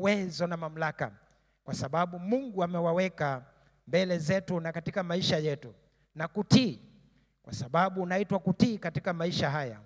uwezo na mamlaka, kwa sababu Mungu amewaweka mbele zetu na katika maisha yetu, na kutii, kwa sababu unaitwa kutii katika maisha haya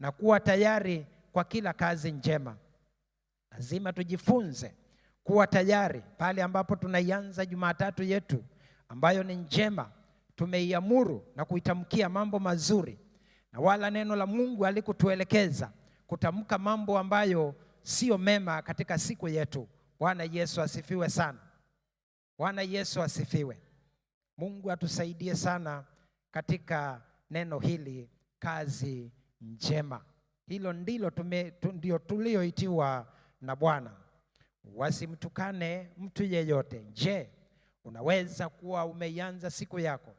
na kuwa tayari kwa kila kazi njema. Lazima tujifunze kuwa tayari pale ambapo tunaianza Jumatatu yetu ambayo ni njema, tumeiamuru na kuitamkia mambo mazuri, na wala neno la Mungu alikutuelekeza kutamka mambo ambayo sio mema katika siku yetu. Bwana Yesu asifiwe sana. Bwana Yesu asifiwe. Mungu atusaidie sana katika neno hili, kazi njema. Hilo ndilo tume, ndio tulioitiwa na Bwana. Wasimtukane mtu yeyote. Je, unaweza kuwa umeianza siku yako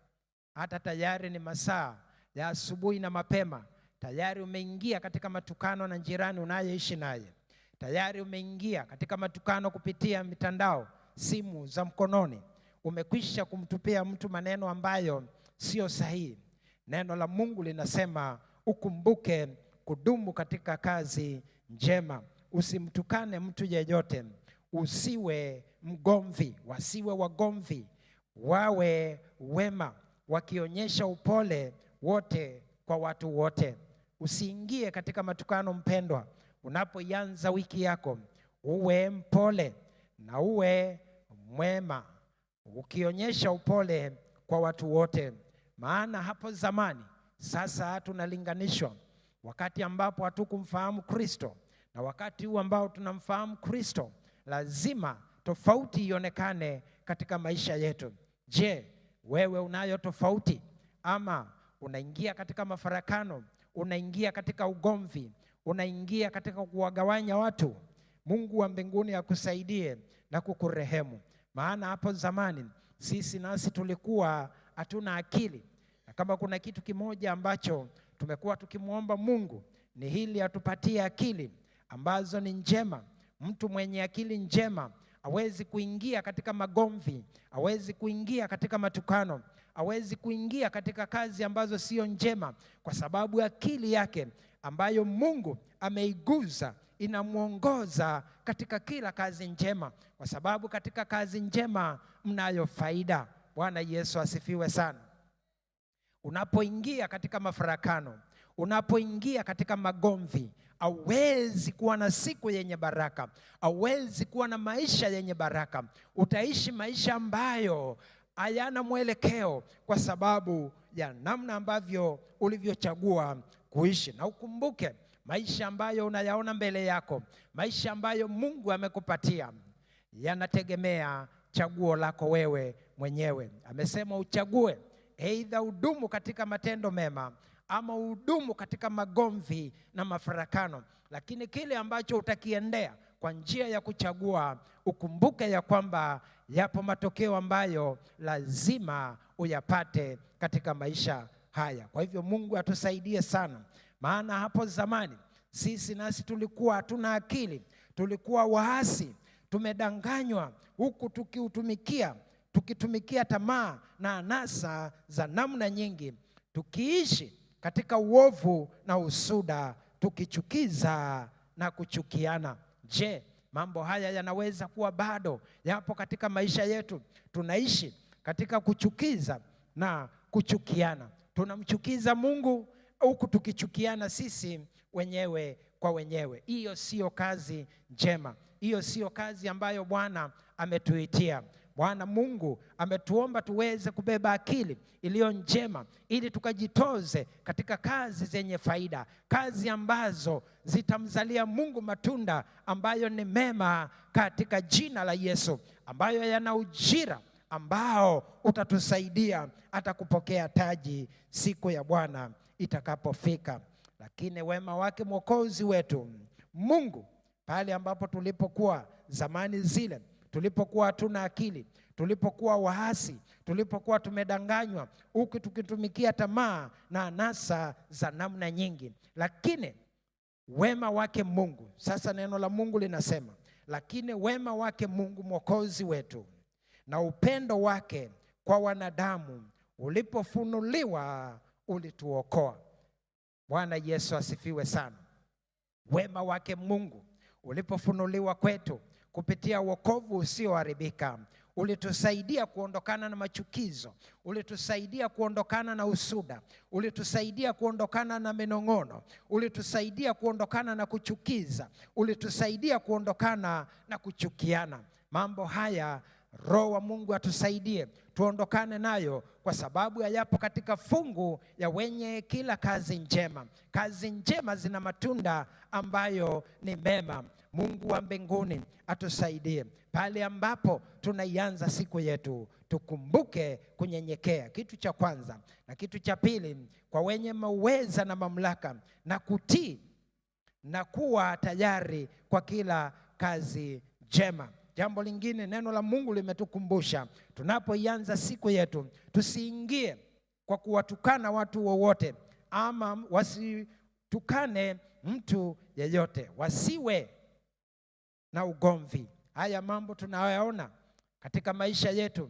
hata tayari ni masaa ya asubuhi na mapema, tayari umeingia katika matukano na jirani unayeishi naye tayari umeingia katika matukano kupitia mitandao, simu za mkononi, umekwisha kumtupia mtu maneno ambayo sio sahihi. Neno la Mungu linasema ukumbuke kudumu katika kazi njema, usimtukane mtu yeyote, usiwe mgomvi, wasiwe wagomvi, wawe wema, wakionyesha upole wote kwa watu wote. Usiingie katika matukano mpendwa unapoianza wiki yako uwe mpole na uwe mwema, ukionyesha upole kwa watu wote. Maana hapo zamani, sasa tunalinganishwa wakati ambapo hatukumfahamu Kristo na wakati huu ambao tunamfahamu Kristo, lazima tofauti ionekane katika maisha yetu. Je, wewe unayo tofauti ama unaingia katika mafarakano, unaingia katika ugomvi, unaingia katika kuwagawanya watu, Mungu wa mbinguni akusaidie na kukurehemu. Maana hapo zamani sisi nasi tulikuwa hatuna akili, na kama kuna kitu kimoja ambacho tumekuwa tukimwomba Mungu ni hili, atupatie akili ambazo ni njema. Mtu mwenye akili njema awezi kuingia katika magomvi, awezi kuingia katika matukano, awezi kuingia katika kazi ambazo sio njema, kwa sababu akili yake ambayo Mungu ameiguza inamwongoza katika kila kazi njema, kwa sababu katika kazi njema mnayo faida. Bwana Yesu asifiwe sana. Unapoingia katika mafarakano, unapoingia katika magomvi, auwezi kuwa na siku yenye baraka, auwezi kuwa na maisha yenye baraka. Utaishi maisha ambayo hayana mwelekeo, kwa sababu ya namna ambavyo ulivyochagua kuishi. Na ukumbuke maisha ambayo unayaona mbele yako, maisha ambayo Mungu amekupatia yanategemea chaguo lako wewe mwenyewe. Amesema uchague, aidha udumu katika matendo mema ama udumu katika magomvi na mafarakano. Lakini kile ambacho utakiendea kwa njia ya kuchagua, ukumbuke ya kwamba yapo matokeo ambayo lazima uyapate katika maisha haya. Kwa hivyo Mungu atusaidie sana, maana hapo zamani sisi nasi tulikuwa hatuna akili, tulikuwa waasi, tumedanganywa huku tukiutumikia, tukitumikia tamaa na anasa za namna nyingi, tukiishi katika uovu na usuda, tukichukiza na kuchukiana. Je, mambo haya yanaweza kuwa bado yapo katika maisha yetu? Tunaishi katika kuchukiza na kuchukiana tunamchukiza Mungu huku tukichukiana sisi wenyewe kwa wenyewe. Hiyo siyo kazi njema, hiyo siyo kazi ambayo Bwana ametuitia. Bwana Mungu ametuomba tuweze kubeba akili iliyo njema ili tukajitoze katika kazi zenye faida, kazi ambazo zitamzalia Mungu matunda ambayo ni mema katika jina la Yesu, ambayo yana ujira ambao utatusaidia hata kupokea taji siku ya Bwana itakapofika. Lakini wema wake mwokozi wetu Mungu, pale ambapo tulipokuwa zamani zile, tulipokuwa hatuna akili, tulipokuwa waasi, tulipokuwa tumedanganywa, huku tukitumikia tamaa na anasa za namna nyingi, lakini wema wake Mungu. Sasa neno la Mungu linasema, lakini wema wake Mungu mwokozi wetu na upendo wake kwa wanadamu ulipofunuliwa ulituokoa. Bwana Yesu asifiwe sana. Wema wake Mungu ulipofunuliwa kwetu kupitia wokovu usioharibika ulitusaidia kuondokana na machukizo, ulitusaidia kuondokana na usuda, ulitusaidia kuondokana na minong'ono, ulitusaidia kuondokana na kuchukiza, ulitusaidia kuondokana na kuchukiana. Mambo haya Roho wa Mungu atusaidie tuondokane nayo, kwa sababu yayapo katika fungu ya wenye kila kazi njema. Kazi njema zina matunda ambayo ni mema. Mungu wa mbinguni atusaidie pale ambapo tunaianza siku yetu, tukumbuke kunyenyekea, kitu cha kwanza, na kitu cha pili, kwa wenye mauweza na mamlaka, na kutii na kuwa tayari kwa kila kazi njema. Jambo lingine, neno la Mungu limetukumbusha tunapoianza siku yetu, tusiingie kwa kuwatukana watu wowote, ama wasitukane mtu yeyote, wasiwe na ugomvi. Haya mambo tunayaona katika maisha yetu,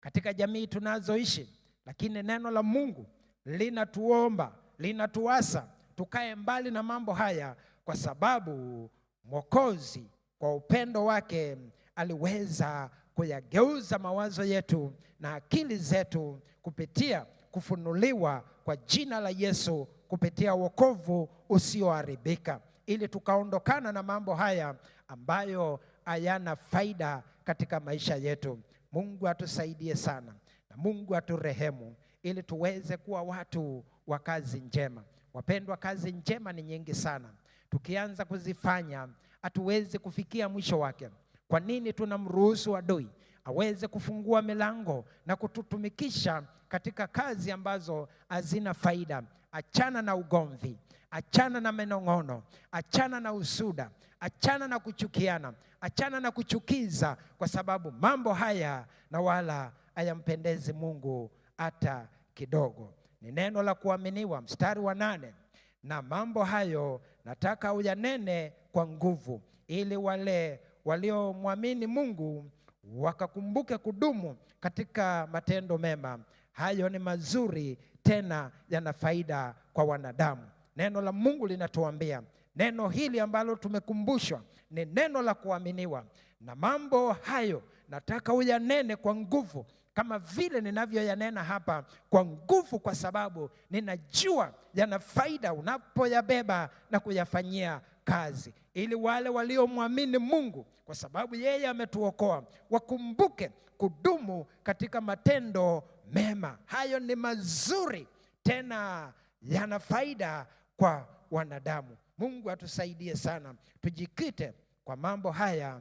katika jamii tunazoishi, lakini neno la Mungu linatuomba, linatuasa tukae mbali na mambo haya, kwa sababu Mwokozi kwa upendo wake aliweza kuyageuza mawazo yetu na akili zetu kupitia kufunuliwa kwa jina la Yesu, kupitia wokovu usioharibika, ili tukaondokana na mambo haya ambayo hayana faida katika maisha yetu. Mungu atusaidie sana na Mungu aturehemu, ili tuweze kuwa watu wa kazi njema. Wapendwa, kazi njema ni nyingi sana, tukianza kuzifanya hatuwezi kufikia mwisho wake. Kwa nini tunamruhusu adui aweze kufungua milango na kututumikisha katika kazi ambazo hazina faida? Achana na ugomvi, achana na menong'ono, achana na usuda, achana na kuchukiana, achana na kuchukiza, kwa sababu mambo haya na wala hayampendezi Mungu hata kidogo. Ni neno la kuaminiwa, mstari wa nane. Na mambo hayo nataka uyanene kwa nguvu, ili wale waliomwamini Mungu wakakumbuke kudumu katika matendo mema. Hayo ni mazuri tena yana faida kwa wanadamu. Neno la Mungu linatuambia neno hili ambalo tumekumbushwa ni neno la kuaminiwa, na mambo hayo nataka uyanene kwa nguvu kama vile ninavyoyanena hapa kwa nguvu, kwa sababu ninajua yana faida unapoyabeba na kuyafanyia kazi, ili wale waliomwamini Mungu, kwa sababu yeye ametuokoa, wakumbuke kudumu katika matendo mema. Hayo ni mazuri tena yana faida kwa wanadamu. Mungu atusaidie sana, tujikite kwa mambo haya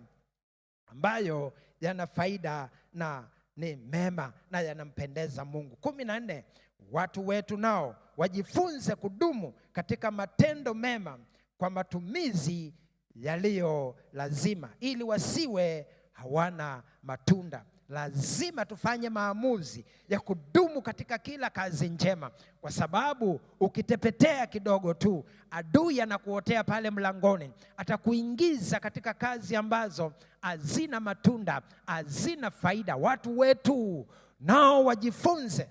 ambayo yana faida na ni mema na yanampendeza Mungu. kumi na nne, watu wetu nao wajifunze kudumu katika matendo mema kwa matumizi yaliyo lazima, ili wasiwe hawana matunda lazima tufanye maamuzi ya kudumu katika kila kazi njema, kwa sababu ukitepetea kidogo tu, adui anakuotea pale mlangoni, atakuingiza katika kazi ambazo hazina matunda, hazina faida. Watu wetu nao wajifunze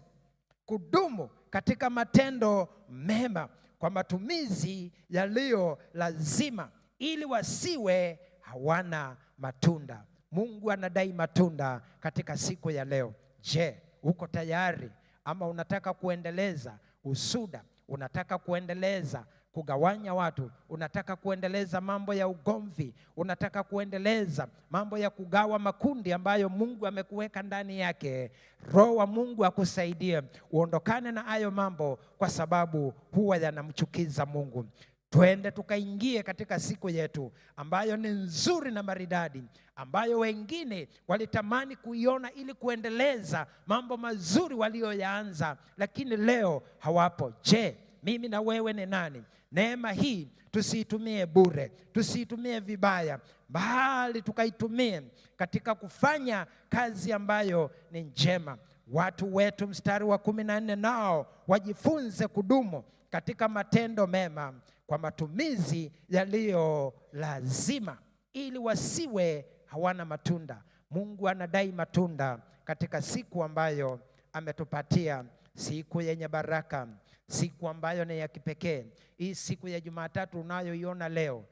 kudumu katika matendo mema kwa matumizi yaliyo lazima, ili wasiwe hawana matunda. Mungu anadai matunda katika siku ya leo. Je, uko tayari ama unataka kuendeleza usuda? Unataka kuendeleza kugawanya watu? Unataka kuendeleza mambo ya ugomvi? Unataka kuendeleza mambo ya kugawa makundi ambayo Mungu amekuweka ndani yake? Roho wa Mungu akusaidie uondokane na hayo mambo, kwa sababu huwa yanamchukiza Mungu. Twende tukaingie katika siku yetu ambayo ni nzuri na maridadi, ambayo wengine walitamani kuiona ili kuendeleza mambo mazuri waliyoyaanza, lakini leo hawapo. Je, mimi na wewe ni nani? Neema hii tusiitumie bure, tusiitumie vibaya, bali tukaitumie katika kufanya kazi ambayo ni njema. Watu wetu, mstari wa kumi na nne, nao wajifunze kudumu katika matendo mema kwa matumizi yaliyo lazima, ili wasiwe hawana matunda. Mungu anadai matunda katika siku ambayo ametupatia, siku yenye baraka, siku ambayo ni ya kipekee. Hii siku ya Jumatatu unayoiona leo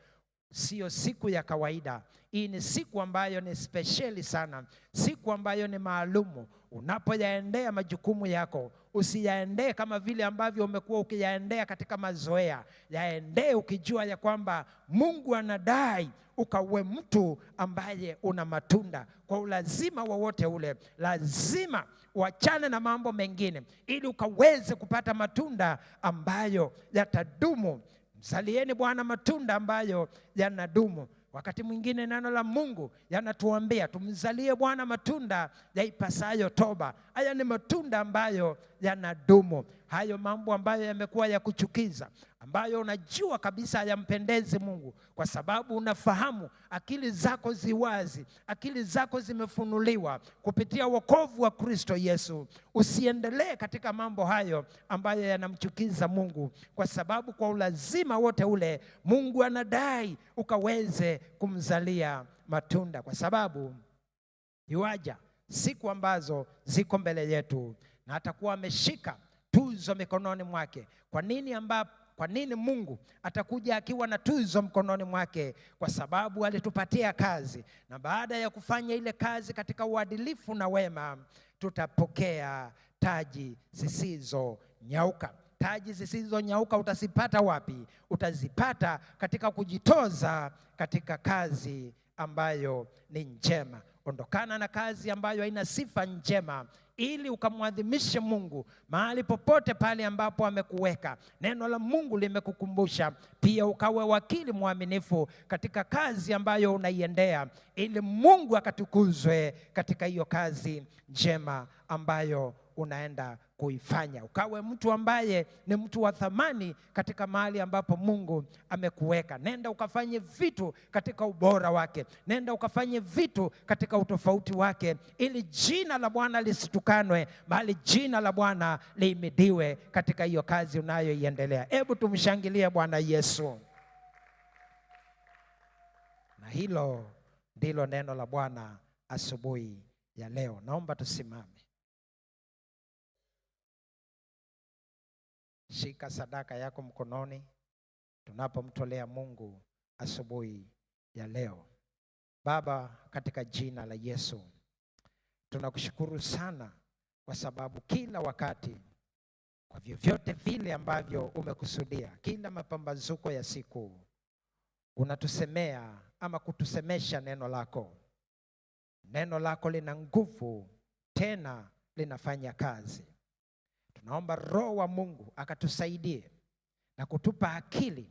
Siyo siku ya kawaida. Hii ni siku ambayo ni spesheli sana, siku ambayo ni maalumu. Unapoyaendea majukumu yako, usiyaendee kama vile ambavyo umekuwa ukiyaendea katika mazoea. Yaendee ukijua ya kwamba Mungu anadai ukawe mtu ambaye una matunda kwa ulazima wowote ule. Lazima uachane na mambo mengine ili ukaweze kupata matunda ambayo yatadumu zalieni Bwana matunda ambayo yanadumu. Wakati mwingine neno la Mungu yanatuambia tumzalie Bwana matunda yaipasayo toba, haya ni matunda ambayo yanadumu. Hayo mambo ambayo yamekuwa ya kuchukiza, ambayo unajua kabisa hayampendezi Mungu, kwa sababu unafahamu, akili zako ziwazi, akili zako zimefunuliwa kupitia wokovu wa Kristo Yesu. Usiendelee katika mambo hayo ambayo yanamchukiza Mungu, kwa sababu kwa ulazima wote ule Mungu anadai ukaweze kumzalia matunda, kwa sababu yuaja siku ambazo ziko mbele yetu, na atakuwa ameshika tuzo mikononi mwake. Kwa nini ambapo kwa nini Mungu atakuja akiwa na tuzo mkononi mwake? Kwa sababu alitupatia kazi, na baada ya kufanya ile kazi katika uadilifu na wema, tutapokea taji zisizonyauka. Taji zisizonyauka utazipata wapi? Utazipata katika kujitoza katika kazi ambayo ni njema ondokana na kazi ambayo haina sifa njema ili ukamwadhimishe Mungu mahali popote pale ambapo amekuweka. Neno la Mungu limekukumbusha pia, ukawe wakili mwaminifu katika kazi ambayo unaiendea, ili Mungu akatukuzwe katika hiyo kazi njema ambayo unaenda kuifanya, ukawe mtu ambaye ni mtu wa thamani katika mahali ambapo Mungu amekuweka. Nenda ukafanye vitu katika ubora wake, nenda ukafanye vitu katika utofauti wake, ili jina la Bwana lisitukanwe, bali jina la Bwana liimidiwe katika hiyo kazi unayoiendelea. Hebu tumshangilie Bwana Yesu. Na hilo ndilo neno la Bwana asubuhi ya leo. Naomba tusimame. shika sadaka yako mkononi tunapomtolea Mungu asubuhi ya leo. Baba, katika jina la Yesu tunakushukuru sana kwa sababu kila wakati, kwa vyovyote vile ambavyo umekusudia, kila mapambazuko ya siku unatusemea ama kutusemesha neno lako. Neno lako lina nguvu, tena linafanya kazi Tunaomba Roho wa Mungu akatusaidie na kutupa akili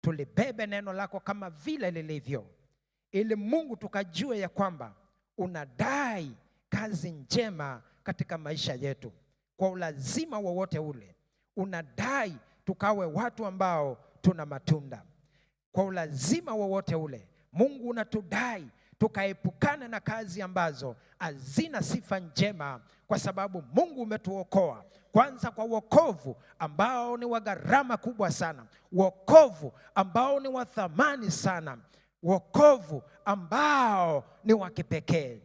tulibebe neno lako kama vile lilivyo, ili Mungu tukajue ya kwamba unadai kazi njema katika maisha yetu kwa ulazima wowote ule, unadai tukawe watu ambao tuna matunda kwa ulazima wowote ule. Mungu unatudai tukaepukana na kazi ambazo hazina sifa njema, kwa sababu Mungu umetuokoa kwanza kwa wokovu ambao ni wa gharama kubwa sana, wokovu ambao ni wa thamani sana, wokovu ambao ni wa kipekee.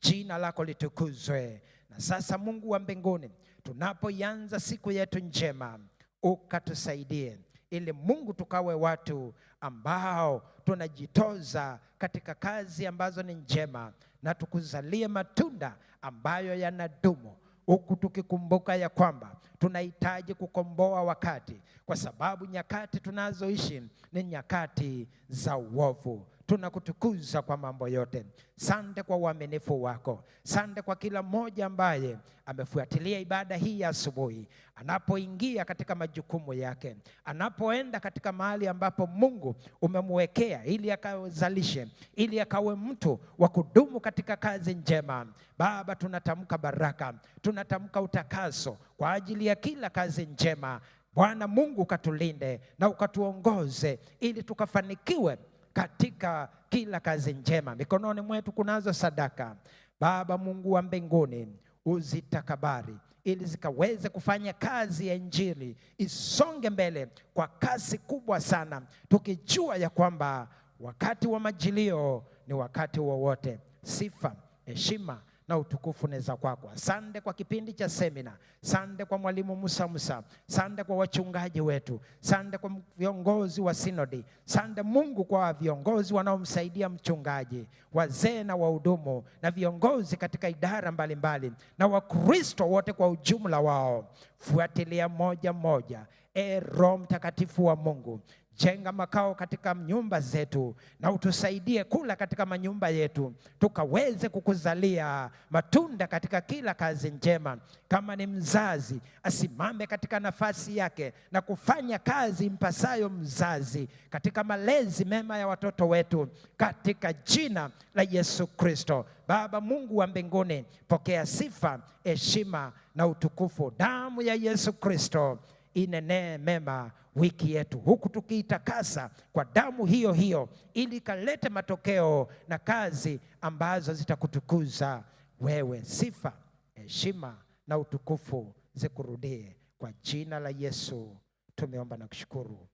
Jina lako litukuzwe. Na sasa, Mungu wa mbinguni, tunapoianza siku yetu njema, ukatusaidie ili Mungu tukawe watu ambao tunajitoza katika kazi ambazo ni njema, na tukuzalie matunda ambayo yanadumu huku tukikumbuka ya kwamba tunahitaji kukomboa wakati, kwa sababu nyakati tunazoishi ni nyakati za uovu tunakutukuza kwa mambo yote. Sante kwa uaminifu wako, sante kwa kila mmoja ambaye amefuatilia ibada hii ya asubuhi, anapoingia katika majukumu yake, anapoenda katika mahali ambapo Mungu umemwekea ili akazalishe, ili akawe mtu wa kudumu katika kazi njema. Baba, tunatamka baraka, tunatamka utakaso kwa ajili ya kila kazi njema. Bwana Mungu, ukatulinde na ukatuongoze ili tukafanikiwe katika kila kazi njema. Mikononi mwetu kunazo sadaka. Baba Mungu wa mbinguni, uzitakabari ili zikaweze kufanya kazi ya Injili isonge mbele kwa kasi kubwa sana, tukijua ya kwamba wakati wa majilio ni wakati wowote. Sifa, heshima na utukufu neza kwako. Asante kwa kipindi cha semina, sande kwa mwalimu Musa Musa, sande kwa wachungaji wetu, sande kwa viongozi wa sinodi, sande Mungu kwa viongozi wanaomsaidia mchungaji, wazee na wahudumu na viongozi katika idara mbalimbali mbali, na Wakristo wote kwa ujumla wao, fuatilia moja moja, e Roho Mtakatifu wa Mungu Jenga makao katika nyumba zetu na utusaidie kula katika manyumba yetu, tukaweze kukuzalia matunda katika kila kazi njema. Kama ni mzazi, asimame katika nafasi yake na kufanya kazi mpasayo mzazi katika malezi mema ya watoto wetu, katika jina la Yesu Kristo. Baba Mungu wa mbinguni, pokea sifa, heshima na utukufu. Damu ya Yesu Kristo inenee mema wiki yetu, huku tukiitakasa kwa damu hiyo hiyo, ili ikalete matokeo na kazi ambazo zitakutukuza wewe. Sifa, heshima na utukufu zikurudie kwa jina la Yesu. Tumeomba na kushukuru,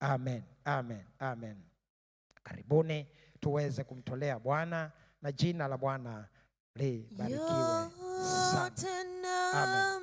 amen, amen, amen. Karibuni tuweze kumtolea Bwana na jina la Bwana libarikiwe sana. Amen.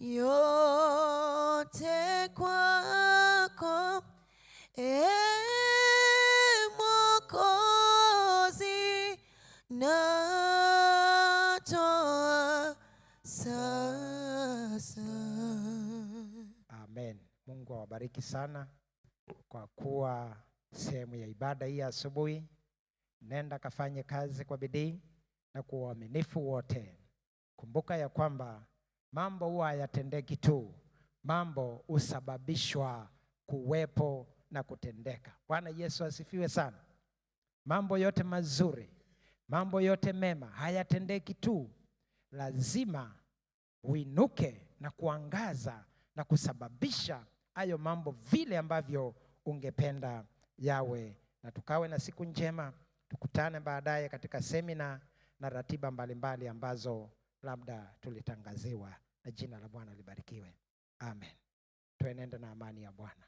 yote kwako e Mwokozi, natoa sasa. Amen. Mungu awabariki sana kwa kuwa sehemu ya ibada hii asubuhi. Nenda kafanye kazi kwa bidii na kwa uaminifu wote. Kumbuka ya kwamba Mambo huwa hayatendeki tu, mambo husababishwa kuwepo na kutendeka. Bwana Yesu asifiwe sana. Mambo yote mazuri, mambo yote mema hayatendeki tu, lazima uinuke na kuangaza na kusababisha hayo mambo vile ambavyo ungependa yawe. Na tukawe na siku njema, tukutane baadaye katika semina na ratiba mbalimbali mbali ambazo labda tulitangaziwa na jina la Bwana libarikiwe. Amen. Tuenende na amani ya Bwana.